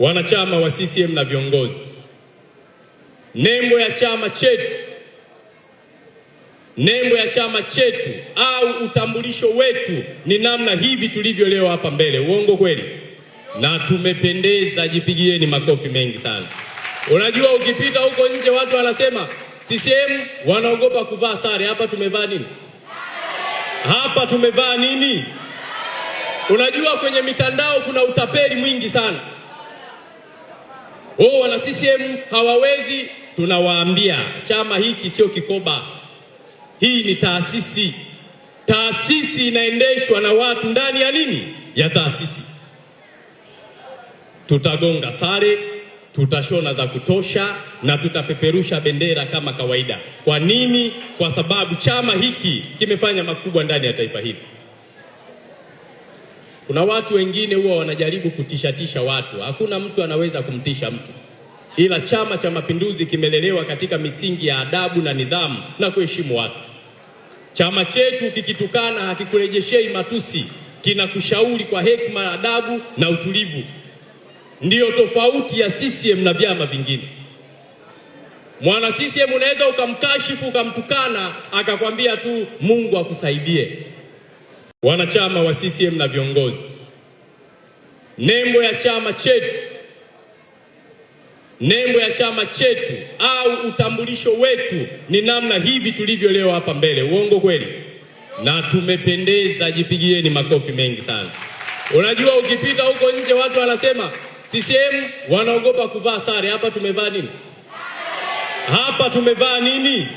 wanachama wa CCM na viongozi, nembo ya chama chetu, nembo ya chama chetu au utambulisho wetu ni namna hivi tulivyo leo hapa mbele. Uongo kweli? Na tumependeza, jipigieni makofi mengi sana. Unajua, ukipita huko nje watu wanasema CCM wanaogopa kuvaa sare. Hapa tumevaa nini? Hapa tumevaa nini? Unajua, kwenye mitandao kuna utapeli mwingi sana. Oh, wana CCM hawawezi, tunawaambia chama hiki sio kikoba. Hii ni taasisi. Taasisi inaendeshwa na watu ndani ya nini, ya taasisi. Tutagonga sare, tutashona za kutosha na tutapeperusha bendera kama kawaida. Kwa nini? Kwa sababu chama hiki kimefanya makubwa ndani ya taifa hili. Kuna watu wengine huwa wanajaribu kutishatisha watu. Hakuna mtu anaweza kumtisha mtu, ila Chama cha Mapinduzi kimelelewa katika misingi ya adabu na nidhamu na kuheshimu watu. Chama chetu kikitukana hakikurejeshei matusi, kinakushauri kwa hekima, adabu na utulivu. Ndiyo tofauti ya CCM na vyama vingine. Mwana CCM unaweza ukamkashifu ukamtukana, akakwambia tu Mungu akusaidie. Wanachama wa CCM na viongozi, nembo ya chama chetu, nembo ya chama chetu au utambulisho wetu ni namna hivi tulivyo leo hapa mbele. Uongo kweli? Na tumependeza, jipigieni makofi mengi sana. Unajua, ukipita huko nje watu wanasema CCM wanaogopa kuvaa sare. Hapa tumevaa nini? Hapa tumevaa nini?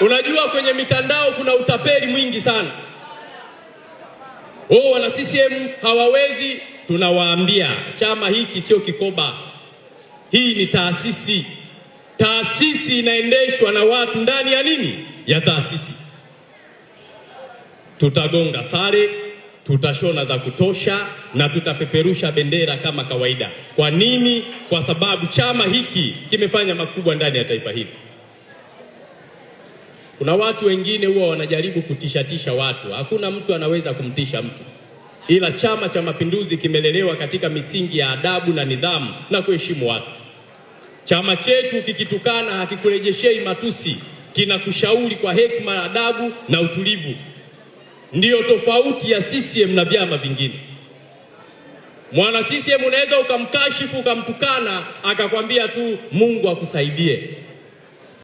Unajua, kwenye mitandao kuna utapeli mwingi sana. Oh, wana CCM hawawezi, tunawaambia chama hiki sio kikoba. Hii ni taasisi. Taasisi inaendeshwa na watu ndani ya nini, ya taasisi. Tutagonga sare, tutashona za kutosha na tutapeperusha bendera kama kawaida. Kwa nini? Kwa sababu chama hiki kimefanya makubwa ndani ya taifa hili. Kuna watu wengine huwa wanajaribu kutishatisha watu. Hakuna mtu anaweza kumtisha mtu, ila Chama cha Mapinduzi kimelelewa katika misingi ya adabu na nidhamu na kuheshimu watu. Chama chetu kikitukana hakikurejeshei matusi, kinakushauri kwa hekima, adabu na utulivu. Ndiyo tofauti ya CCM na vyama vingine. Mwana CCM unaweza ukamkashifu ukamtukana, akakwambia tu Mungu akusaidie.